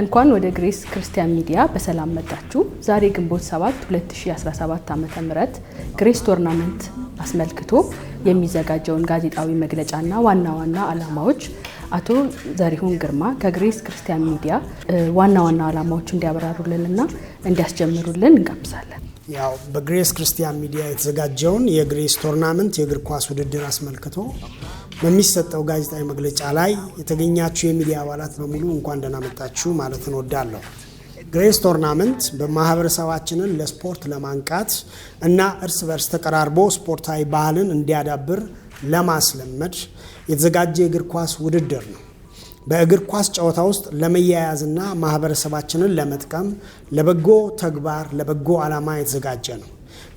እንኳን ወደ ግሬስ ክርስቲያን ሚዲያ በሰላም መጣችሁ። ዛሬ ግንቦት 7 2017 ዓ ም ግሬስ ቶርናመንት አስመልክቶ የሚዘጋጀውን ጋዜጣዊ መግለጫና ዋና ዋና ዓላማዎች አቶ ዘሪሁን ግርማ ከግሬስ ክርስቲያን ሚዲያ ዋና ዋና ዓላማዎች እንዲያብራሩልንና እንዲያስጀምሩልን እንጋብዛለን። ያው በግሬስ ክርስቲያን ሚዲያ የተዘጋጀውን የግሬስ ቶርናመንት የእግር ኳስ ውድድር አስመልክቶ በሚሰጠው ጋዜጣዊ መግለጫ ላይ የተገኛችሁ የሚዲያ አባላት በሙሉ እንኳን ደህና መጣችሁ ማለት እንወዳለሁ። ግሬስ ቶርናመንት በማህበረሰባችንን ለስፖርት ለማንቃት እና እርስ በርስ ተቀራርቦ ስፖርታዊ ባህልን እንዲያዳብር ለማስለመድ የተዘጋጀ የእግር ኳስ ውድድር ነው። በእግር ኳስ ጨዋታ ውስጥ ለመያያዝና ማህበረሰባችንን ለመጥቀም ለበጎ ተግባር ለበጎ ዓላማ የተዘጋጀ ነው።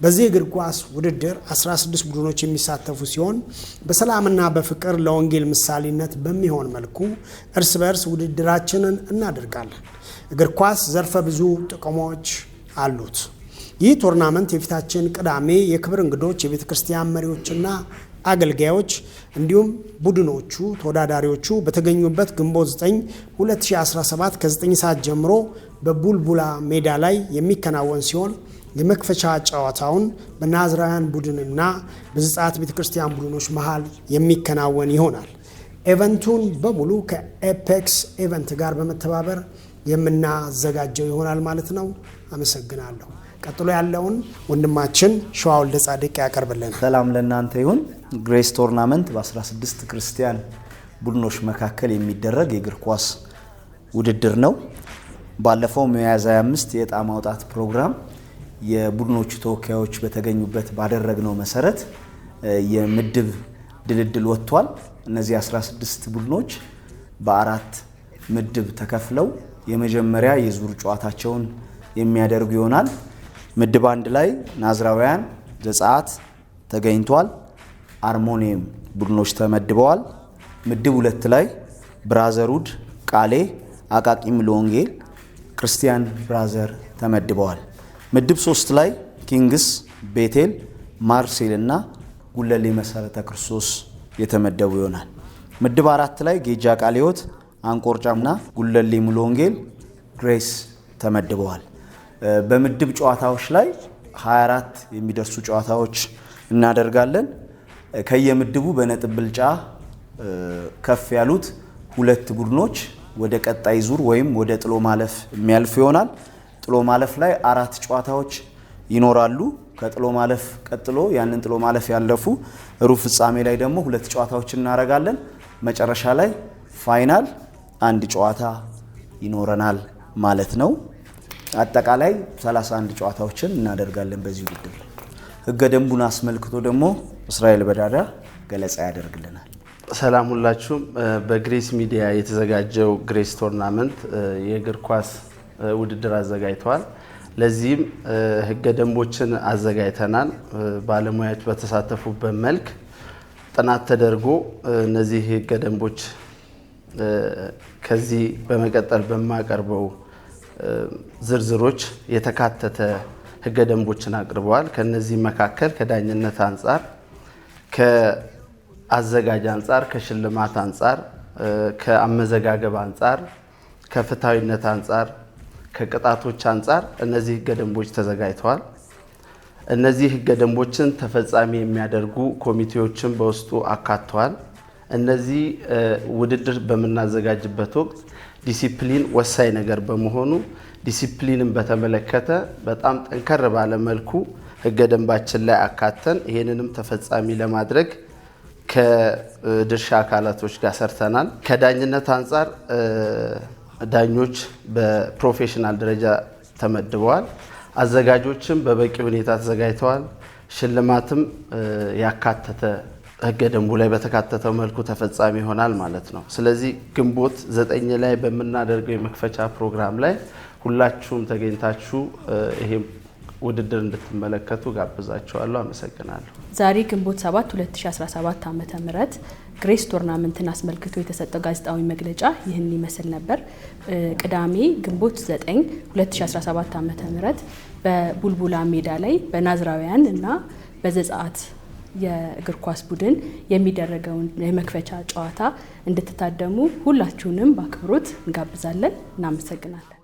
በዚህ እግር ኳስ ውድድር 16 ቡድኖች የሚሳተፉ ሲሆን በሰላምና በፍቅር ለወንጌል ምሳሌነት በሚሆን መልኩ እርስ በእርስ ውድድራችንን እናደርጋለን። እግር ኳስ ዘርፈ ብዙ ጥቅሞች አሉት። ይህ ቶርናመንት የፊታችን ቅዳሜ የክብር እንግዶች፣ የቤተ ክርስቲያን መሪዎችና አገልጋዮች እንዲሁም ቡድኖቹ ተወዳዳሪዎቹ በተገኙበት ግንቦት 9 2017 ከ9 ሰዓት ጀምሮ በቡልቡላ ሜዳ ላይ የሚከናወን ሲሆን የመክፈቻ ጨዋታውን በናዝራውያን ቡድንና በዘጸአት ቤተ ክርስቲያን ቡድኖች መሃል የሚከናወን ይሆናል። ኤቨንቱን በሙሉ ከኤፔክስ ኤቨንት ጋር በመተባበር የምናዘጋጀው ይሆናል ማለት ነው። አመሰግናለሁ። ቀጥሎ ያለውን ወንድማችን ሸዋወልደ ጻድቅ ያቀርብልናል። ሰላም ለእናንተ ይሁን። ግሬስ ቶርናመንት በ16 ክርስቲያን ቡድኖች መካከል የሚደረግ የእግር ኳስ ውድድር ነው። ባለፈው ሚያዝያ 25 የጣ ማውጣት ፕሮግራም የቡድኖቹ ተወካዮች በተገኙበት ባደረግነው መሰረት የምድብ ድልድል ወጥቷል። እነዚህ 16 ቡድኖች በአራት ምድብ ተከፍለው የመጀመሪያ የዙር ጨዋታቸውን የሚያደርጉ ይሆናል። ምድብ አንድ ላይ ናዝራውያን፣ ዘጸአት ተገኝቷል። አርሞኒየም ቡድኖች ተመድበዋል። ምድብ ሁለት ላይ ብራዘሩድ ቃሌ፣ አቃቂም ሎንጌል ክርስቲያን ብራዘር ተመድበዋል። ምድብ ሶስት ላይ ኪንግስ፣ ቤቴል፣ ማርሴል እና ጉለሌ መሰረተ ክርስቶስ የተመደቡ ይሆናል። ምድብ አራት ላይ ጌጃ ቃለ ሕይወት፣ አንቆርጫምና ጉለሌ ሙሉ ወንጌል ግሬስ ተመድበዋል። በምድብ ጨዋታዎች ላይ 24 የሚደርሱ ጨዋታዎች እናደርጋለን። ከየምድቡ በነጥብ ብልጫ ከፍ ያሉት ሁለት ቡድኖች ወደ ቀጣይ ዙር ወይም ወደ ጥሎ ማለፍ የሚያልፍ ይሆናል። ጥሎ ማለፍ ላይ አራት ጨዋታዎች ይኖራሉ። ከጥሎ ማለፍ ቀጥሎ ያንን ጥሎ ማለፍ ያለፉ ሩብ ፍጻሜ ላይ ደግሞ ሁለት ጨዋታዎች እናደርጋለን። መጨረሻ ላይ ፋይናል አንድ ጨዋታ ይኖረናል ማለት ነው። አጠቃላይ 31 ጨዋታዎችን እናደርጋለን በዚህ ውድድር ህገ ደንቡን አስመልክቶ ደግሞ እስራኤል በዳዳ ገለጻ ያደርግልናል። ሰላም ሁላችሁም። በግሬስ ሚዲያ የተዘጋጀው ግሬስ ቶርናመንት የእግር ኳስ ውድድር አዘጋጅተዋል። ለዚህም ህገ ደንቦችን አዘጋጅተናል። ባለሙያዎች በተሳተፉበት መልክ ጥናት ተደርጎ እነዚህ ህገ ደንቦች ከዚህ በመቀጠል በማቀርበው ዝርዝሮች የተካተተ ህገ ደንቦችን አቅርበዋል። ከነዚህ መካከል ከዳኝነት አንጻር፣ ከአዘጋጅ አንጻር፣ ከሽልማት አንጻር፣ ከአመዘጋገብ አንጻር፣ ከፍትሐዊነት አንጻር ከቅጣቶች አንጻር እነዚህ ህገ ደንቦች ተዘጋጅተዋል። እነዚህ ህገ ደንቦችን ተፈጻሚ የሚያደርጉ ኮሚቴዎችን በውስጡ አካተዋል። እነዚህ ውድድር በምናዘጋጅበት ወቅት ዲሲፕሊን ወሳኝ ነገር በመሆኑ ዲሲፕሊንን በተመለከተ በጣም ጠንከር ባለ መልኩ ህገ ደንባችን ላይ አካተን ይህንንም ተፈጻሚ ለማድረግ ከድርሻ አካላቶች ጋር ሰርተናል። ከዳኝነት አንጻር ዳኞች በፕሮፌሽናል ደረጃ ተመድበዋል። አዘጋጆችም በበቂ ሁኔታ ተዘጋጅተዋል። ሽልማትም ያካተተ ህገ ደንቡ ላይ በተካተተው መልኩ ተፈጻሚ ይሆናል ማለት ነው። ስለዚህ ግንቦት ዘጠኝ ላይ በምናደርገው የመክፈቻ ፕሮግራም ላይ ሁላችሁም ተገኝታችሁ ይሄ ውድድር እንድትመለከቱ ጋብዛቸዋለሁ። አመሰግናለሁ። ዛሬ ግንቦት 7 2017 ዓ ም ግሬስ ቶርናመንትን አስመልክቶ የተሰጠው ጋዜጣዊ መግለጫ ይህን ይመስል ነበር። ቅዳሜ ግንቦት 9 2017 ዓ ም በቡልቡላ ሜዳ ላይ በናዝራውያን እና በዘጸአት የእግር ኳስ ቡድን የሚደረገውን የመክፈቻ ጨዋታ እንድትታደሙ ሁላችሁንም በአክብሮት እንጋብዛለን። እናመሰግናለን።